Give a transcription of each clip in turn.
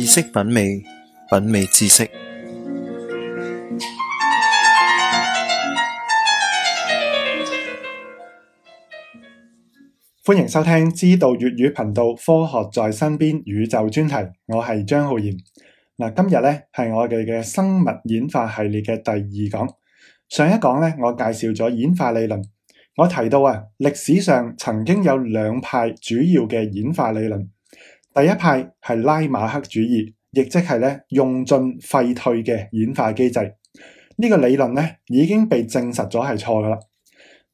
知識品味，品味知識。歡迎收聽知道粵語頻道《科學在身邊·宇宙》專題。我係張浩然。嗱，今日呢係我哋嘅生物演化系列嘅第二講。上一講呢，我介紹咗演化理論。我提到啊，歷史上曾經有兩派主要嘅演化理論。第一派係拉馬克主義，亦即係咧用盡廢退嘅演化機制。呢個理論咧已經被證實咗係錯嘅啦。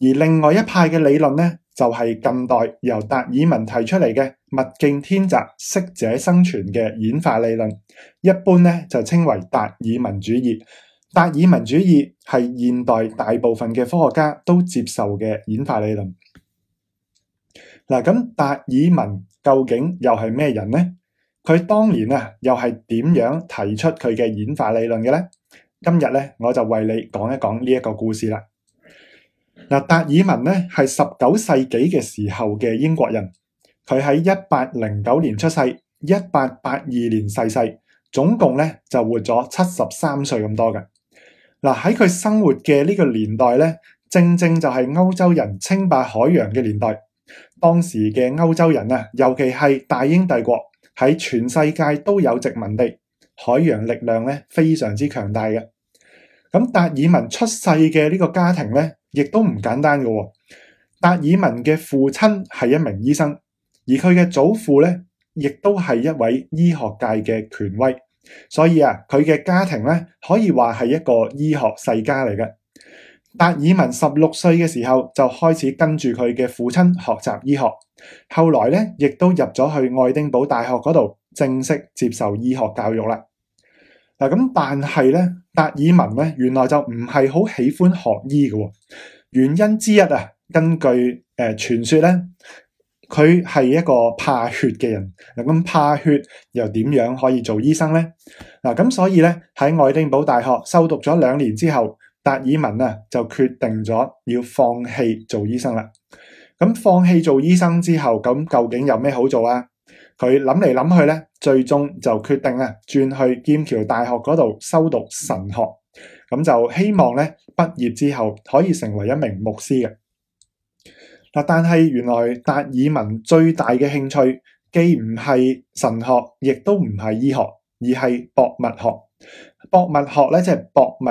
而另外一派嘅理論咧就係近代由達爾文提出嚟嘅物競天擇、適者生存嘅演化理論，一般咧就稱為達爾文主義。達爾文主義係現代大部分嘅科學家都接受嘅演化理論。嗱，咁達爾文究竟又係咩人呢？佢當年啊，又係點樣提出佢嘅演化理論嘅呢？今日呢，我就為你講一講呢一個故事啦。嗱，達爾文呢係十九世紀嘅時候嘅英國人，佢喺一八零九年出世，一八八二年逝世，總共呢就活咗七十三歲咁多嘅。嗱，喺佢生活嘅呢個年代呢，正正就係歐洲人稱霸海洋嘅年代。當時嘅歐洲人啊，尤其係大英帝國喺全世界都有殖民地，海洋力量咧非常之強大嘅。咁達爾文出世嘅呢個家庭咧，亦都唔簡單嘅。達爾文嘅父親係一名醫生，而佢嘅祖父咧亦都係一位醫學界嘅權威，所以啊，佢嘅家庭咧可以話係一個醫學世家嚟嘅。達爾文十六歲嘅時候就開始跟住佢嘅父親學習醫學，後來咧亦都入咗去愛丁堡大學嗰度正式接受醫學教育啦。嗱、啊、咁，但係咧達爾文咧原來就唔係好喜歡學醫嘅、哦，原因之一啊，根據誒、呃、傳說咧，佢係一個怕血嘅人。嗱、啊、咁怕血又點樣可以做醫生咧？嗱、啊、咁、啊、所以咧喺愛丁堡大學修讀咗兩年之後，達爾文咧就決定咗要放棄做醫生啦。咁放棄做醫生之後，咁究竟有咩好做啊？佢諗嚟諗去咧，最終就決定啊，轉去劍橋大學嗰度修讀神學。咁就希望咧，畢業之後可以成為一名牧師嘅嗱。但係原來達爾文最大嘅興趣既唔係神學，亦都唔係醫學，而係博物學。博物學咧即係博物，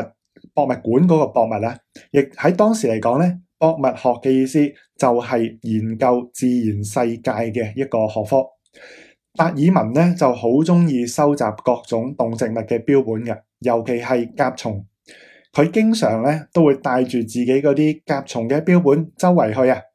博物館嗰個博物咧，亦喺當時嚟講咧，博物學嘅意思就係研究自然世界嘅一個學科。達爾文咧就好中意收集各種動植物嘅標本嘅，尤其係甲蟲。佢經常咧都會帶住自己嗰啲甲蟲嘅標本周圍去啊。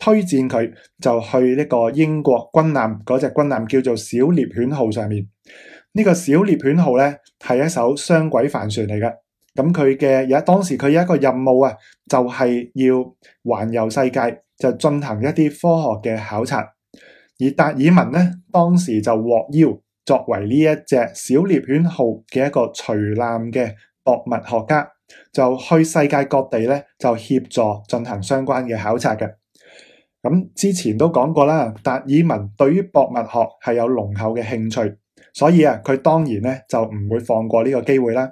推薦佢就去呢個英國軍艦，嗰隻軍艦叫做小獵犬號，上面呢、呢個小獵犬號咧係一艘雙軌帆船嚟嘅。咁佢嘅有當時佢有一個任務啊，就係、是、要環遊世界，就進行一啲科學嘅考察。而達爾文咧當時就獲邀作為呢一隻小獵犬號嘅一個隨艦嘅博物學家，就去世界各地咧就協助進行相關嘅考察嘅。咁之前都講過啦，達爾文對於博物學係有濃厚嘅興趣，所以啊，佢當然咧就唔會放過呢個機會啦。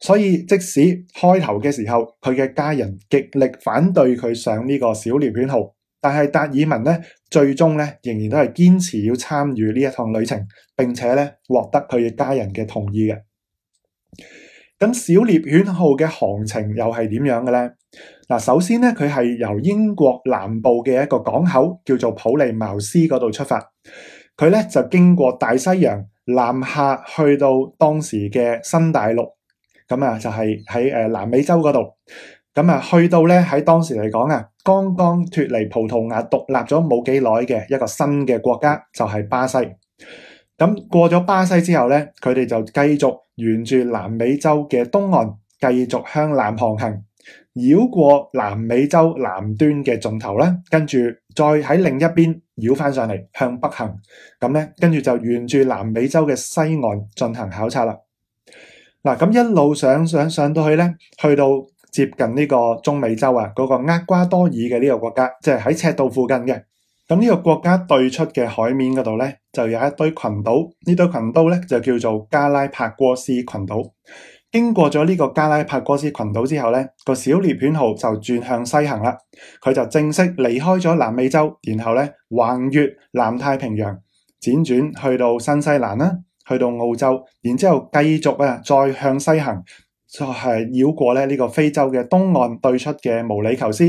所以即使開頭嘅時候，佢嘅家人極力反對佢上呢個小獵犬號，但係達爾文咧最終咧仍然都係堅持要參與呢一趟旅程，並且咧獲得佢嘅家人嘅同意嘅。咁小獵犬號嘅行程又係點樣嘅咧？嗱，首先咧，佢係由英國南部嘅一個港口叫做普利茅斯嗰度出發。佢咧就經過大西洋南下，去到當時嘅新大陸，咁啊就係喺誒南美洲嗰度，咁啊去到咧喺當時嚟講啊，剛剛脫離葡萄牙獨立咗冇幾耐嘅一個新嘅國家，就係巴西。咁過咗巴西之後咧，佢哋就繼續沿住南美洲嘅東岸，繼續向南航行。繞過南美洲南端嘅盡頭啦，跟住再喺另一邊繞翻上嚟向北行，咁咧跟住就沿住南美洲嘅西岸進行考察啦。嗱，咁一路上上上到去咧，去到接近呢個中美洲啊嗰個厄瓜多爾嘅呢個國家，即係喺赤道附近嘅。咁呢個國家對出嘅海面嗰度咧，就有一堆群島，呢堆群島咧就叫做加拉帕戈斯群島。經過咗呢個加拉帕哥斯群島之後咧，個小獵犬號就轉向西行啦。佢就正式離開咗南美洲，然後咧橫越南太平洋，輾轉去到新西蘭啦，去到澳洲，然之後繼續啊再向西行，就係繞過咧呢個非洲嘅東岸對出嘅毛里求斯，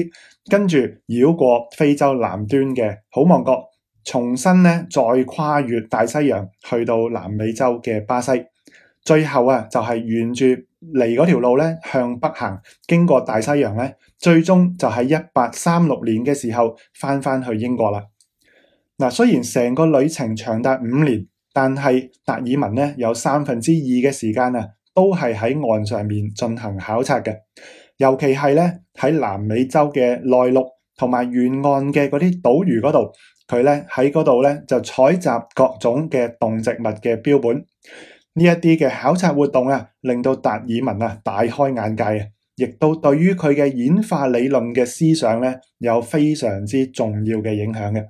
跟住繞過非洲南端嘅好望角，重新咧再跨越大西洋，去到南美洲嘅巴西。最後啊，就係沿住嚟嗰條路咧，向北行，經過大西洋咧，最終就喺一八三六年嘅時候翻返去英國啦。嗱，雖然成個旅程長達五年，但係達爾文咧有三分之二嘅時間啊，都係喺岸上面進行考察嘅，尤其係咧喺南美洲嘅內陸同埋沿岸嘅嗰啲島嶼嗰度，佢咧喺嗰度咧就採集各種嘅動植物嘅標本。呢一啲嘅考察活動啊，令到達爾文啊大開眼界啊，亦都對於佢嘅演化理論嘅思想咧，有非常之重要嘅影響嘅。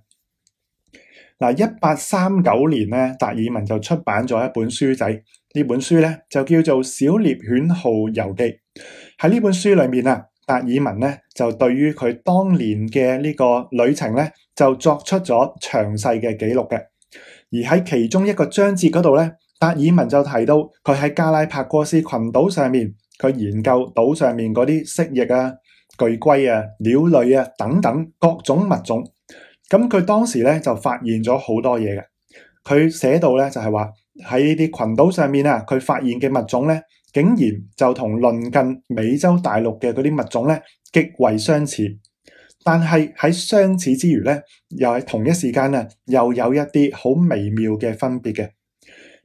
嗱，一八三九年咧，達爾文就出版咗一本書仔，呢本書咧就叫做《小獵犬號遊記》。喺呢本書裏面啊，達爾文咧就對於佢當年嘅呢個旅程咧，就作出咗詳細嘅記錄嘅。而喺其中一個章節嗰度咧。達爾文就提到，佢喺加拉帕戈斯群島上面，佢研究島上面嗰啲蜥蜴啊、巨龜啊、鳥類啊等等各種物種。咁佢當時咧就發現咗好多嘢嘅。佢寫到咧就係話喺呢啲群島上面啊，佢發現嘅物種咧竟然就同鄰近美洲大陸嘅嗰啲物種咧極為相似，但係喺相似之餘咧，又係同一時間啊，又有一啲好微妙嘅分別嘅。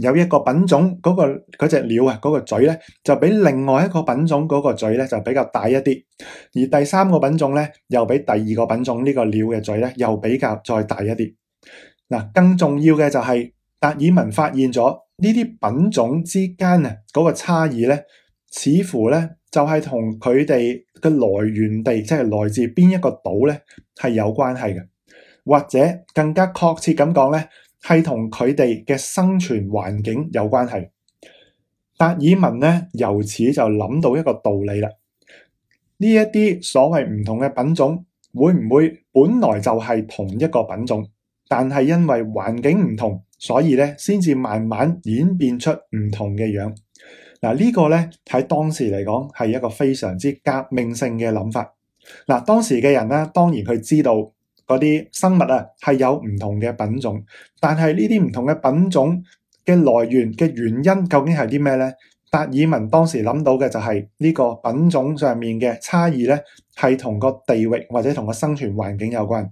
有一個品種嗰個嗰隻鳥啊，嗰個嘴咧就比另外一個品種嗰個嘴咧就比較大一啲，而第三個品種咧又比第二個品種呢個鳥嘅嘴咧又比較再大一啲。嗱，更重要嘅就係達爾文發現咗呢啲品種之間啊嗰個差異咧，似乎咧就係同佢哋嘅來源地，即係來自邊一個島咧係有關係嘅，或者更加確切咁講咧。係同佢哋嘅生存環境有關係。達爾文咧，由此就諗到一個道理啦。呢一啲所謂唔同嘅品種，會唔會本來就係同一個品種？但係因為環境唔同，所以咧先至慢慢演變出唔同嘅樣。嗱，呢個咧喺當時嚟講係一個非常之革命性嘅諗法。嗱，當時嘅人咧，當然佢知道。嗰啲生物啊，係有唔同嘅品種，但係呢啲唔同嘅品種嘅來源嘅原因究竟係啲咩呢？達爾文當時諗到嘅就係呢個品種上面嘅差異呢，係同個地域或者同個生存環境有關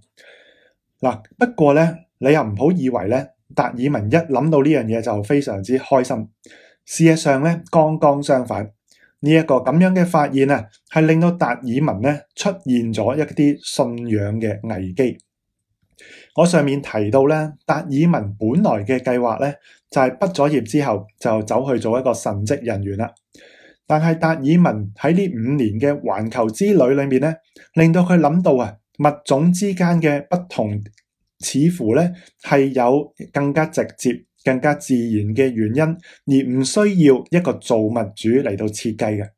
嗱。不過呢，你又唔好以為呢，達爾文一諗到呢樣嘢就非常之開心。事實上呢，剛剛相反。呢一個咁樣嘅發現啊，係令到達爾文呢出現咗一啲信仰嘅危機。我上面提到咧，達爾文本來嘅計劃咧，就係畢咗業之後就走去做一個神職人員啦。但係達爾文喺呢五年嘅環球之旅裏面咧，令到佢諗到啊，物種之間嘅不同，似乎咧係有更加直接，更加自然嘅原因，而唔需要一個造物主嚟到設計嘅，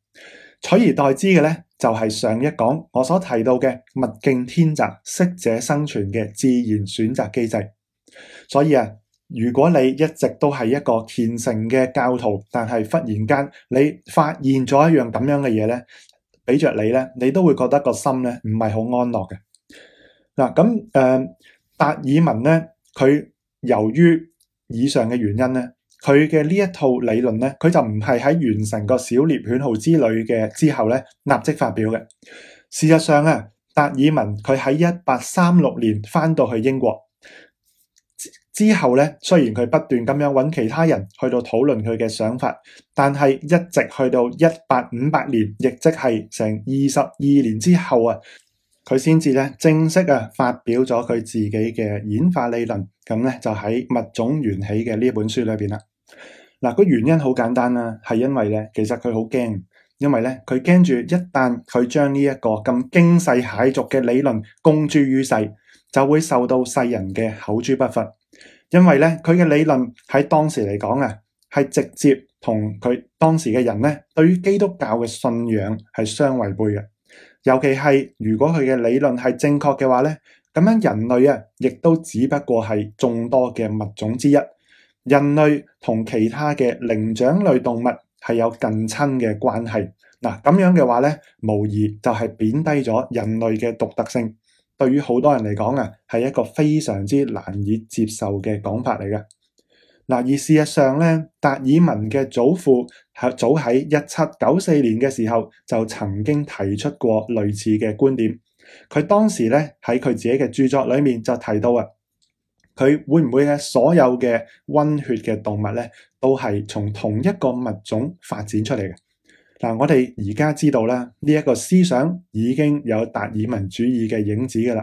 取而代之嘅咧就係上一講我所提到嘅物競天擇、適者生存嘅自然選擇機制。所以啊，如果你一直都係一個虔誠嘅教徒，但係忽然間你發現咗一樣咁樣嘅嘢咧，俾着你咧，你都會覺得個心咧唔係好安樂嘅。嗱，咁誒達爾文咧，佢由於以上嘅原因咧，佢嘅呢一套理論咧，佢就唔係喺完成個小獵犬號之旅嘅之後咧立即發表嘅。事實上啊，達爾文佢喺一八三六年返到去英國之後咧，雖然佢不斷咁樣揾其他人去到討論佢嘅想法，但係一直去到一八五八年，亦即係成二十二年之後啊。佢先至咧正式啊發表咗佢自己嘅演化理論，咁咧就喺物種源起嘅呢本書裏邊啦。嗱，個原因好簡單啊，係因為咧，其實佢好驚，因為咧佢驚住一旦佢將呢一個咁驚世駭俗嘅理論公諸於世，就會受到世人嘅口誅筆伐。因為咧，佢嘅理論喺當時嚟講啊，係直接同佢當時嘅人咧，對於基督教嘅信仰係相違背嘅。尤其係，如果佢嘅理論係正確嘅話咧，咁樣人類啊亦都只不過係眾多嘅物種之一。人類同其他嘅靈長類動物係有近親嘅關係。嗱，咁樣嘅話咧，無疑就係貶低咗人類嘅獨特性。對於好多人嚟講啊，係一個非常之難以接受嘅講法嚟嘅。嗱，而事實上咧，達爾文嘅祖父係早喺一七九四年嘅時候就曾經提出過類似嘅觀點。佢當時咧喺佢自己嘅著作裏面就提到啊，佢會唔會係所有嘅溫血嘅動物咧都係從同一個物種發展出嚟嘅？嗱，我哋而家知道啦，呢、這、一個思想已經有達爾文主義嘅影子㗎喇。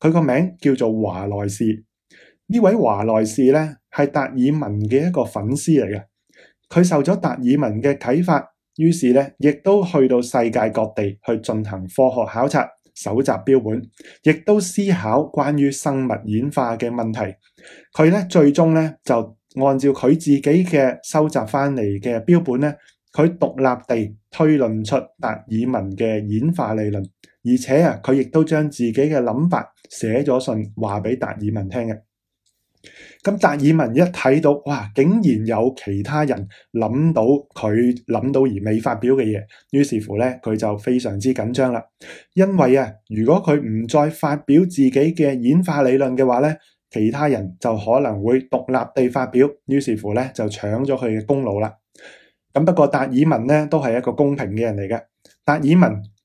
佢個名叫做華萊士，呢位華萊士呢，係達爾文嘅一個粉絲嚟嘅，佢受咗達爾文嘅啟發，於是呢，亦都去到世界各地去進行科學考察、搜集標本，亦都思考關於生物演化嘅問題。佢呢，最終呢，就按照佢自己嘅收集翻嚟嘅標本呢，佢獨立地推論出達爾文嘅演化理論。而且啊，佢亦都將自己嘅諗法寫咗信話俾達爾文聽嘅。咁達爾文一睇到，哇，竟然有其他人諗到佢諗到而未發表嘅嘢，於是乎咧，佢就非常之緊張啦。因為啊，如果佢唔再發表自己嘅演化理論嘅話咧，其他人就可能會獨立地發表，於是乎咧就搶咗佢嘅功勞啦。咁不過達爾文咧都係一個公平嘅人嚟嘅。達爾文。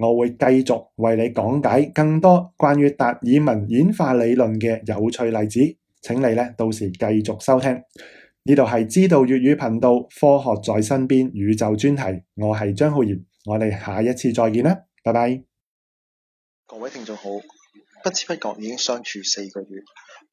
我會繼續為你講解更多關於達爾文演化理論嘅有趣例子，請你咧到時繼續收聽。呢度係知道粵語頻道科學在身邊宇宙專題，我係張浩然，我哋下一次再見啦，拜拜。各位聽眾好，不知不覺已經相處四個月。